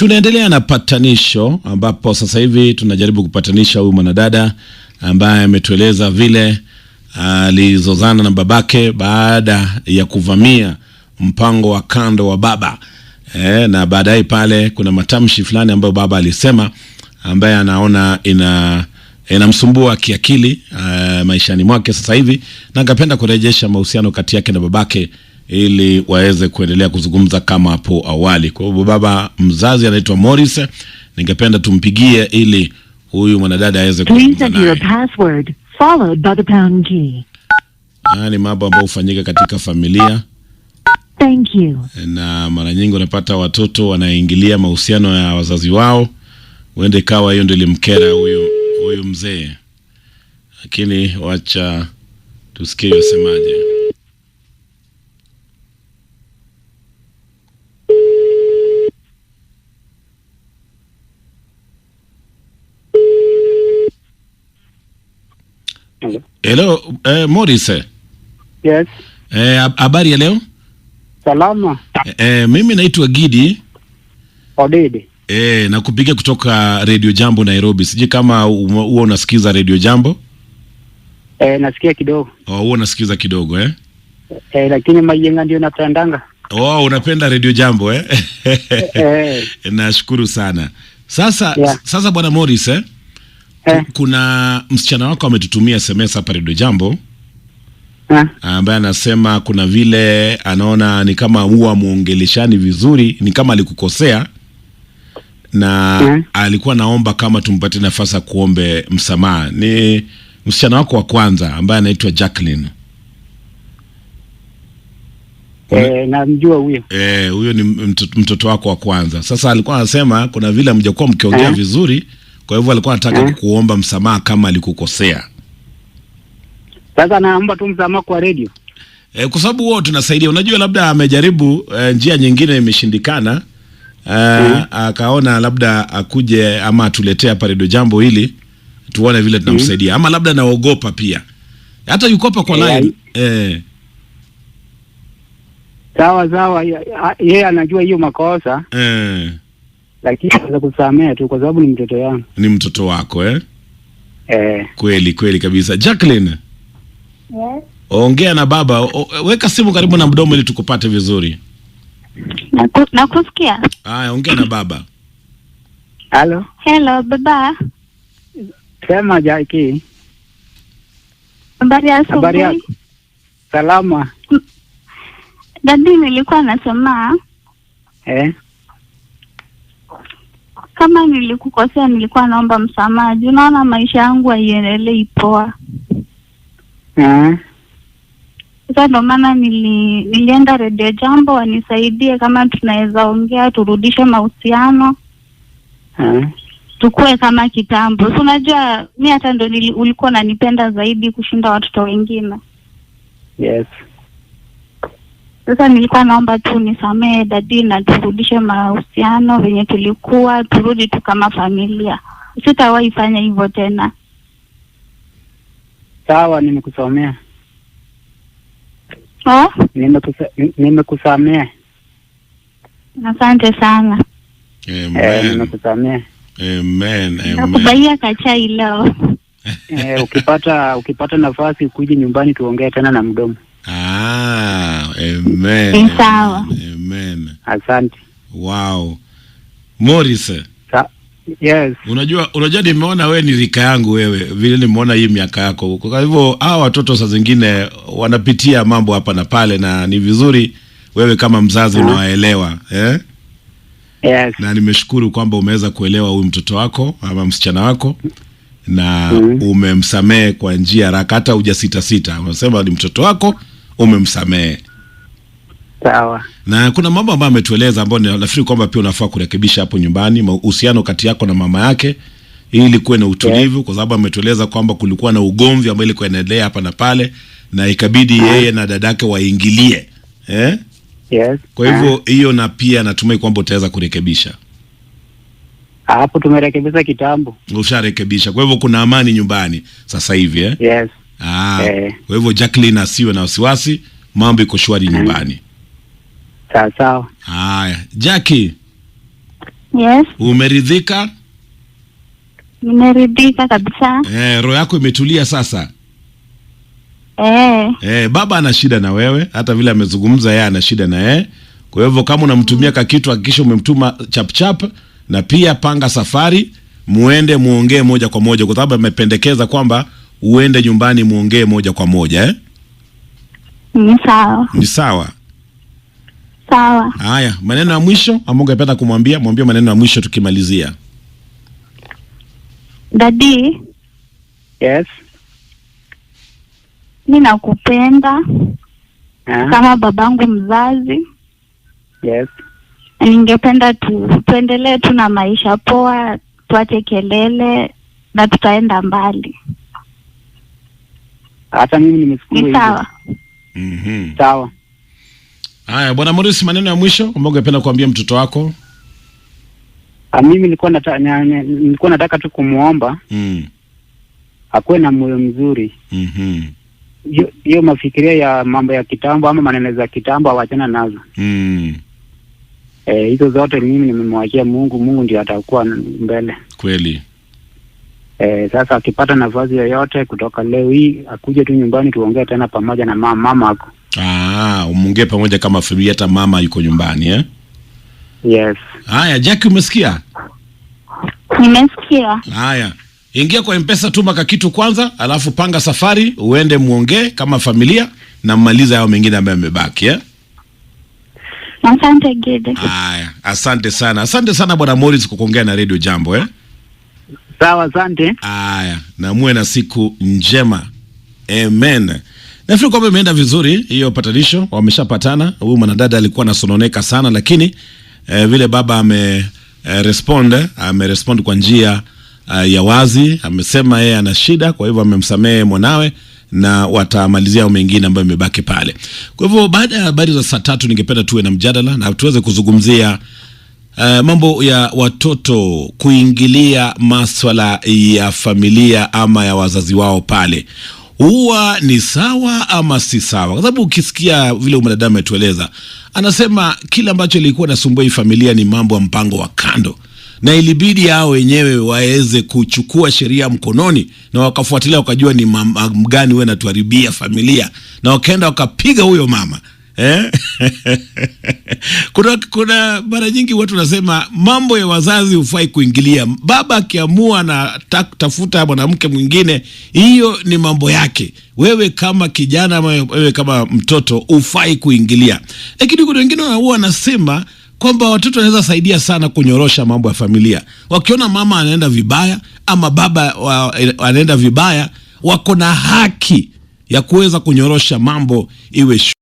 Tunaendelea na patanisho ambapo sasa hivi tunajaribu kupatanisha huyu mwanadada ambaye ametueleza vile alizozana na babake baada ya kuvamia mpango wa kando wa baba e, na baadaye pale kuna matamshi fulani ambayo baba alisema ambaye anaona ina inamsumbua kiakili uh, maishani mwake sasa hivi, na angependa kurejesha mahusiano kati yake na babake ili waweze kuendelea kuzungumza kama hapo awali. Kwa hivyo baba mzazi anaitwa Morris, ningependa tumpigie ili huyu mwanadada aweze kuzungumza ni mambo ambayo hufanyika katika familia. Thank you. Na mara nyingi unapata watoto wanaingilia mahusiano ya wazazi wao, huende kawa hiyo ndio ilimkera huyu huyu mzee, lakini wacha tusikie wasemaje. Hello, eh, Morris. Yes. Eh, habari ya leo? Salama. Eh, eh, mimi naitwa Gidi Odidi. Eh, nakupiga kutoka Radio Jambo Nairobi. Sijui kama huwa unasikiza Radio Jambo? Eh, nasikia kidogo. Oh, huwa unasikiza kidogo eh? Eh, lakini majenga ndio napendanga. Oh, unapenda Radio Jambo eh? eh. eh. Nashukuru sana. Sasa yeah. Sasa Bwana Morris eh? Eh. Kuna msichana wako ametutumia SMS hapa Redio Jambo eh. ambaye anasema kuna vile anaona ni kama huwa muongeleshani vizuri, ni kama alikukosea na ha, eh. alikuwa naomba kama tumpate nafasi ya kuombe msamaha. Ni msichana wako wa kwanza ambaye anaitwa Jacqueline. Eh, namjua huyo. Eh, huyo ni mtoto wako wa kwanza. Sasa alikuwa anasema kuna vile mjakuwa mkiongea vizuri vizuri kwa hivyo alikuwa anataka yeah, mm. kukuomba msamaha kama alikukosea. Sasa naomba tu msamaha kwa redio e, eh, kwa sababu wao tunasaidia. Unajua, labda amejaribu e, njia nyingine imeshindikana e, mm, akaona labda akuje ama atuletee hapa redio jambo hili tuone vile tunamsaidia, mm. ama labda naogopa pia hata yuko yukopa kwa yeah, line eh. Sawa sawa, yeye anajua hiyo makosa eh lakini naweza kusamehe tu kwa sababu ni mtoto yangu. Ni mtoto wako eh? Eh. Kweli kweli kabisa. Jacqueline. Yes. Ongea na baba, o, weka simu karibu na mdomo ili tukupate vizuri. Nakusikia. Na haya, ongea na baba. Hello. Hello baba. Sema Jackie. Habari yako? Habari yako? Salama. Dadi, nilikuwa nasema. Eh kama nilikukosea, nilikuwa naomba msamaha juu naona maisha yangu haiendelei poa. Mm-hmm. Sasa ndo maana nili, nilienda redio Jambo wanisaidie kama tunaweza ongea turudishe mahusiano mm-hmm. tukuwe kama kitambo. Si unajua mi hata ndo ulikuwa unanipenda zaidi kushinda watoto wengine. Yes. Sasa nilikuwa naomba tu nisamehe dadi na turudishe mahusiano venye tulikuwa, turudi tu kama familia. Sitawahi fanya hivyo tena. Sawa, nimekusamea oh? Nimekusamea, asante sana. Eh, nimekusamea, kachai leo. Eh, ukipata ukipata nafasi ukuje nyumbani tuongee tena na mdomo Ah, amen. sawa. Amen. Asante. Wow. Morris. Yes. Unajua unajua nimeona wewe ni rika yangu wewe vile nimeona hii miaka yako. Kwa hivyo hawa watoto saa zingine wanapitia mambo hapa na pale na ni vizuri wewe kama mzazi uh ah. -huh. unawaelewa, eh? Yes. Na nimeshukuru kwamba umeweza kuelewa huyu mtoto wako ama msichana wako na mm -hmm. umemsamehe kwa njia raka hata hujasita sita. Unasema ni mtoto wako umemsamehe. Sawa. Na kuna mambo ambayo ametueleza ambayo nafikiri kwamba pia unafaa kurekebisha hapo nyumbani, uhusiano kati yako na mama yake ili kuwe na utulivu yeah. Kwa sababu ametueleza kwamba kulikuwa na ugomvi ambao ilikuwa inaendelea hapa na pale na ikabidi yeye yeah. na dadake waingilie eh? Yes. Kwa hivyo ah. hiyo yeah. na pia natumai kwamba utaweza kurekebisha hapo. Tumerekebisha kitambo. Usharekebisha, kwa hivyo kuna amani nyumbani sasa hivi eh? Yes. Ah, eh. Kwa hivyo Jacqueline asiwe na wasiwasi, mambo iko shwari nyumbani. Sawa sawa. Haya, Jackie. Yes. Umeridhika? Nimeridhika kabisa. Eh, roho yako imetulia sasa? Eh. Eh, baba ana shida na wewe, hata vile amezungumza yeye ana shida na yeye. Kwa hivyo kama unamtumia ka kitu hakikisha umemtuma chap chap na pia panga safari, muende muongee moja kwa moja kwa sababu amependekeza kwamba uende nyumbani muongee moja kwa moja eh? Ni sawa, ni sawa sawa. Haya, maneno ya mwisho ambayo ungependa kumwambia, mwambie maneno ya mwisho tukimalizia. Dadi, yes, mimi nakupenda ah. kama babangu mzazi. Yes, ningependa tu tuendelee tu na maisha poa, tuache kelele na tutaenda mbali hata mimi nimefikiria hivyo. Sawa. Mhm. sawa. Haya, Bwana Morris, maneno ya mwisho ambayo ungependa kuambia mtoto wako? A, ah, mimi nilikuwa nataka nilikuwa nataka tu kumuomba mm. akuwe na moyo mzuri. Mhm. Hiyo mafikiria ya mambo ya kitambo ama maneno za kitambo awachana nazo. Mm. Eh, hizo zote mimi nimemwachia Mungu. Mungu ndiye atakuwa mbele. Kweli. E, sasa akipata nafasi yoyote kutoka leo hii akuje tu nyumbani tuongee tena pamoja na mama mama ako. Ah, umongee pamoja kama familia hata mama yuko nyumbani eh? Yes. Haya, Jackie umesikia? Nimesikia. Haya. Ingia kwa Mpesa pesa tuma kitu kwanza, alafu panga safari uende muongee kama familia na mmaliza yao mengine ambayo yamebaki eh? Asante Gede. Haya, asante sana. Asante sana Bwana Morris kwa kuongea na Radio Jambo eh? Sawa, asante. Haya, na muwe na siku njema. Amen. Nafikiri kwamba imeenda vizuri hiyo patanisho, wameshapatana. Huyu mwanadada alikuwa anasononeka sana, lakini eh, vile baba ame eh, respond ame respond kwa njia eh, ya wazi, amesema yeye ana shida, kwa hivyo amemsamehe mwanawe na watamalizia au mengine ambayo imebaki pale. Kwa hivyo baada ya habari za saa tatu, ningependa tuwe na mjadala na tuweze kuzungumzia Uh, mambo ya watoto kuingilia maswala ya familia ama ya wazazi wao pale huwa ni sawa ama si sawa? Kwa sababu ukisikia vile umadada ametueleza, anasema kila ambacho ilikuwa nasumbua hii familia ni mambo ya mpango wa kando, na ilibidi hao wenyewe waweze kuchukua sheria mkononi na wakafuatilia, wakajua ni mama gani huwe anatuharibia familia, na wakaenda wakapiga huyo mama eh? kuna, kuna mara nyingi watu nasema mambo ya wazazi hufai kuingilia. Baba akiamua na tafuta mwanamke mwingine, hiyo ni mambo yake. Wewe kama kijana ama wewe kama mtoto hufai kuingilia, lakini kuna wengine huwa wanasema kwamba watoto wanaweza saidia sana kunyorosha mambo ya familia. Wakiona mama anaenda vibaya ama baba anaenda vibaya, wako na haki ya kuweza kunyorosha mambo iwe